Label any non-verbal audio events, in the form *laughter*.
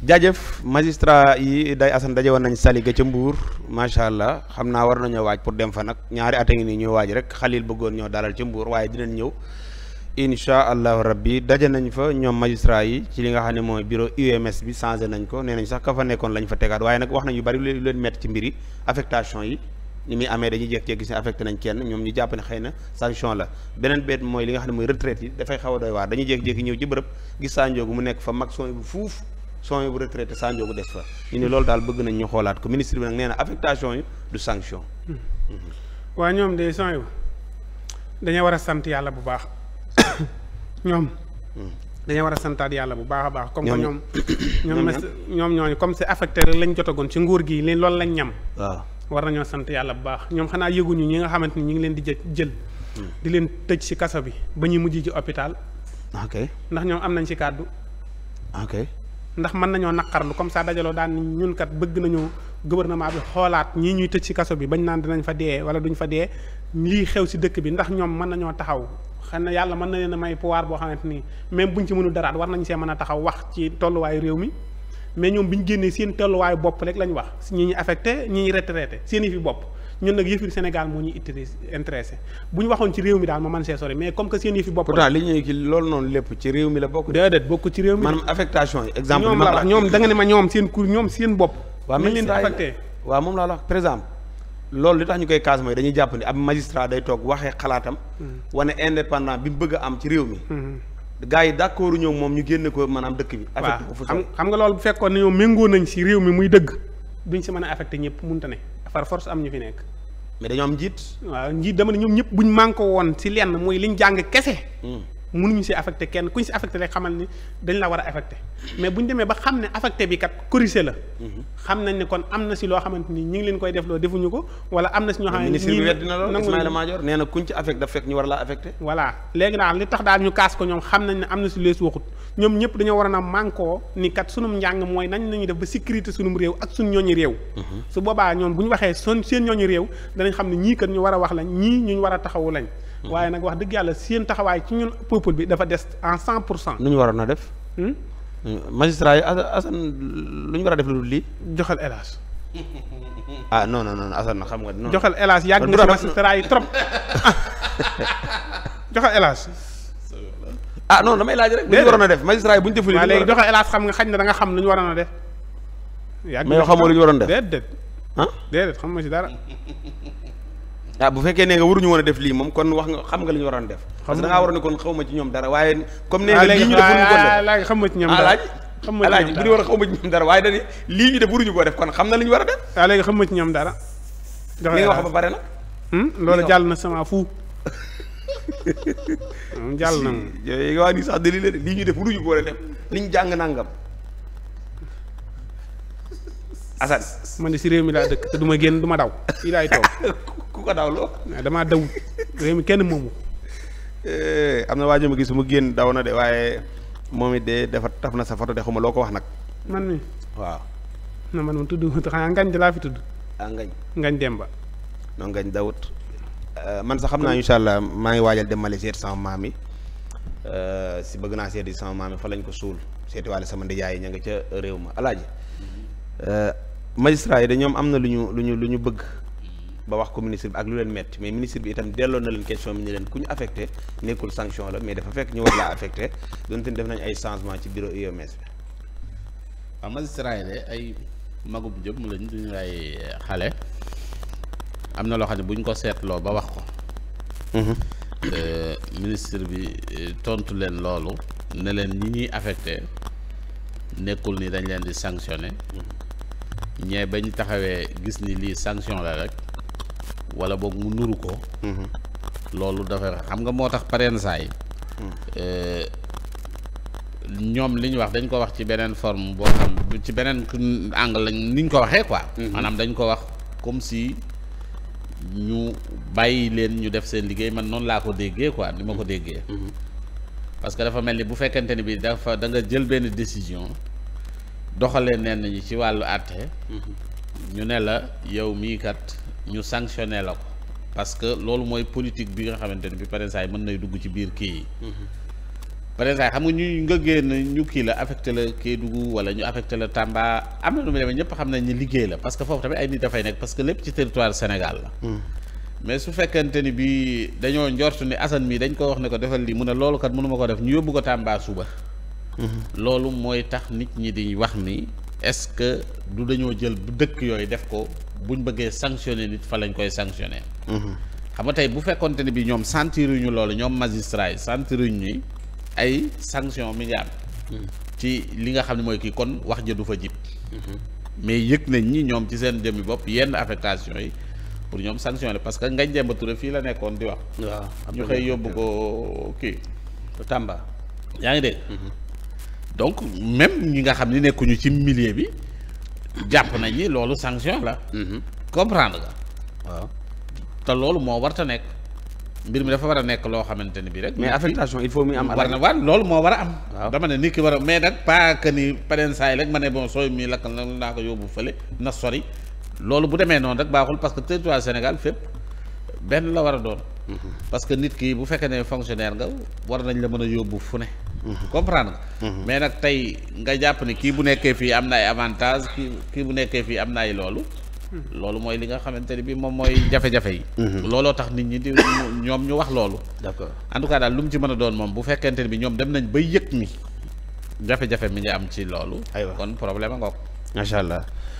jaajëf magistrat yi day asan daje woon nañ saliga ca mbuur macha allah xam naa war nañoo waaj pour dem fa nag ñaari at a ngi ñuy waaj rek xalil bëggoon ñoo dalal ca mbuur waaye dinañ ñëw incha allahu rabbi daje nañ fa ñoom magistrat yi ci li nga xam ne mooy bureau UMS bi changé nañ ko nee nañ sax ka fa nekkoon lañ fa tegaat waaye nag wax nañ yu bari lu leen métti ci mbir yi affectation yi ni muy amee dañu jékki-jékki gis ne nañ kenn ñoom ñu jàpp ne xëy na sanction la beneen beet mooy li nga xam ne mooy retraite yi dafay xaw a doy waar dañuy jékki ñëw ci bërëb gis saa mu nekk fa mag son bu fuuf son bu retraité Sa Ndiogou des fa ñu ne loolu daal bëgg nañ ñu xoolaat ko ministre bi nag nee affectation yi du sanction hmm. waa ñoom de son yu dañoo war a sant yàlla bu baax *coughs* ñoom hmm. dañoo war a santaat yàlla bu baax a baax comme que ñoom *coughs* ñooñu comme c'est affecté rek lañ jotagoon ci nguur gi leen loolu lañ ñam war nañoo sant yàlla bu baax ñoom xanaa yëguñu ñi nga xamante ni ñi ngi leen di jël hmm. di leen tëj ci kaso bi ba ñuy mujj ci hôpital ok ndax ñoom am nañ ci kàddu ok ndax mën nañoo naqarlu comme sa dajaloo daan ñun kat bëgg nañu gouvernement bi xoolaat ñii ñuy tëj ci kaso bi bañ naan dinañ fa dee wala duñ fa dee lii xew ci dëkk bi ndax ñoom mën nañoo taxaw xëy na yàlla mën na leen a may pouvoir boo xamante ni même buñ ci mënu daraat war nañ see mën a taxaw wax ci tolluwaayu réew mi mais ñoom bi ñu génnee seen tolluwaayu bopp rek lañ wax ñi affecte affecté ñi ñu retraité seen i fi bopp ñun nag yëfi Sénégal moo ñu intéressé bu ñu waxoon ci réew mi daal ma mën see sori mais comme que seen yëfi bopp pourtant li ñuy ki loolu noonu lépp ci réew mi la bokk déedéet bokk ci réew mi maanaam affectation yi exemple la ñoom da loolu li tax ñu dañuy jàpp ni ab magistrat day toog waxee xalaatam hmm. wane indépendant bi mu bëgg am ci réew mi hmm. gaa yi d'accord ñëw moom ñu génne ko maanaam dëkk bi affecté ko fu xam nga loolu bu fekkoon ne ñoom méngoo nañ si réew mi muy dëgg duñ si mën a affecté ñëpp munta ne par force am ñu fi nekk. mais dañoo njiit. waaw njiit dama ne ñoom ñëpp buñ mànkoo woon si lenn mooy liñ jàng kese. Hmm. mënuñu si affecté kenn kuñ si affecte rek xamal ni dañ la war a affecté mais bu ñu demee ba xam ne affecté bi kat corrigé la. Mhm. xam nañ ne kon am na si loo xamante ni ñu ngi leen koy def defuñu ko wala am na si ñoo xam ne. na kuñ ci affecté daf fekk ñu war laa affecté. voilà léegi li tax daal ñu kaas ko ñoom xam nañ ne am na si lees waxut ñoom dañoo war a na mànkoo ni kat sunum mooy nañ nañu def ba sécurité sunum réew ak suñ ñooñu réew. Mhm. su boobaa ñoom bu ñu waxee seen seen ñooñu réew danañ xam ne ñii kat ñu war a wax lañ ñii ñu war a taxawu lañ *laughs* waaye nag wax dëgg yàlla seen taxawaay ci ñun peuple bi dafa des en cent pour cent. nu ñu waroon a def. Hmm? magistrat yi Assane lu ñu war a def lu lii. joxal hélas. *laughs* ah non non non Assane xam nga. non joxal hélas yàgg nga yi trop *laughs* joxal hélas. ah non damay laaj rek bu ñu waroon a def magistrat yi bu ñu deful. waaw léegi joxal xam nga xañ na danga xam lu ñu waroon a def. yàgg mais xamoo lu ñu waroon def déedéet. ah déedéet xam na ci dara. waaw ah, bu fekkee ne nga waruñu woon a def lii moom kon wax nga xam nga li ñu waroon def. xam nga da ngaa waroon kon xaw ma ci ñoom comme nee nga ah, lii ñu ah, def xam ma ci ñoom dara alaaj bu ñu war a xaw ma ci ñoom dara waaye dañuy lii ñu def waruñu koo def kon xam na li ñu war a def. waaw léegi xam ma ci ñoom dara. li nga wax ba pare nag. Hmm? loolu jàll na sama fu. *laughs* jàll na moom yooyu waa nii sax de lii la lii ñu def waruñu koo def li ñu jàng nangam. Assane man de si réew mi laa dëkk te du ma génn du ma daw fii laay toog *laughs* ku ko daw loo. Ah, damaa daw réew mi kenn moomu. Eh, am na waajuma gis mu génn daw na de waaye moom it de dafa taf na sa foto de xuma loo ko wax nag. man mi waaw. na tudd xanaa laa fi tudd. ah ngañ. ngañ Demba. non ngañ Dawut. Eh, man sax xam naa incha allah maa ngi waajal dem Mali seet sama maam yi eh, si bëgg naa seeti sama maam yi fa lañ ko suul seetiwaale sama ndijaay yi ña nga ca réew ma alaaji magistrat yi de ñoom am na lu ñu lu ñu lu ñu bëgg ba wax ko ministre bi ak lu leen metti mais ministre bi itam delloo na leen question bi ni leen ku ñu affecté nekkul sanction la mais dafa fekk ñu war laa affecté donte def nañ ay changement ci bureau UMS e bi. ay magub jëm lañ xale am na loo xam ne bu ko seetloo ba wax ko. Mhm. Euh, ministre bi euh, tontu leen loolu leen ñi ñuy affecté nekkul ni dañ leen di sanctionné mhm. ñee bañ taxawee gis ni lii sanction la rek. wala boog mu nuru ko. loolu dafa xam nga moo tax pareen saay eh, ñoom li ñu wax dañ ko wax ci beneen forme boo xam ci beneen angle lañ ni ñu ko waxee quoi. Mhm. maanaam dañ ko wax comme si ñu bàyyi leen ñu def seen liggéey man noonu laa ko déggee quoi ni ma ko déggee. Mhm. parce dafa mel ni bu fekkente ni bi dafa da nga jël benn décision doxalee neen ñi ci wàllu àtte. Mhm. ñu ne la yow mii kat ñu sanctionné la ko parce que loolu mooy politique bi nga xamante ne bi parensaay mën nay dugg ci biir kii yi parensaay xam nga ñu nga génn ñu kii la affecté la Kédougou wala ñu affecté la Tamba am na nu mu demee ñëpp xam nañ ni liggéey la parce que foofu tamit ay nit dafay nekk parce que lépp ci territoire Sénégal la mm. mais su fekkente ni bi dañoo njort ni Assane mii dañ ko wax ne ko defal lii mu ne loolu kat mënu ko def ñu yóbbu ko Tamba suba mm-hmm. loolu mooy tax nit ñi di wax ni est-ce que du dañoo jël dëkk yooyu def ko bu ñu bëggee sanctionner nit fa lañ koy sanctionner. Mhm. xam nga tey bu fekkonte ne bi ñoom ñu loolu ñoom magistrat yi sentiruñu ni ay sanction mi ngi am. Mhm. ci li nga xam ne mooy kii kon wax ja du fa jib. Mhm. mais yëg nañ ñi ñoom ci seen jëmmi bopp yenn affectation yi pour ñoom sanction la parce que Ngagne Demba Touré fii la nekkoon di wax. waaw ñu xëy yóbbu ko kii. Tamba. yaa ngi dégg. donc même ñi nga xam ni nekkuñu ci millier bi. jàpp nañ ni loolu sanction la. Mm-hmm. comprendre nga. waaw te loolu moo warta nekk mbir mi dafa war a nekk loo xamante ni bii rek. mais affectation il faut muy am. war na waaw loolu moo war a am. dama ne nit ki war a mais nag pas que ni peneen saa yi rek ma ne bon sooy mi lakkal na naa ko yóbbu fële na sori loolu bu demee noonu rek baaxul parce que territoire Sénégal fépp benn la war a doon. Mm-hmm. parce que nit kii bu fekkee ne fonctionnaire nga war nañ la mën a yóbbu fu ne. comprendre nga. Mhm. mais nag tey nga jàpp ne kii bu nekkee fii am na ay avantage kii bu nekkee fii am na ay loolu. Mhm. loolu mooy li nga xamante ne bii moom mooy jafe-jafe yi. Mhm. looloo tax nit ñi di ñoom ñu wax loolu. d'accord en tout cas daal lu mu ci mën a doon moom bu fekkente ne bi ñoom dem nañ bay yëg ni jafe-jafe mi ngi am ci loolu. aywa kon problème a ngoog. macha allah.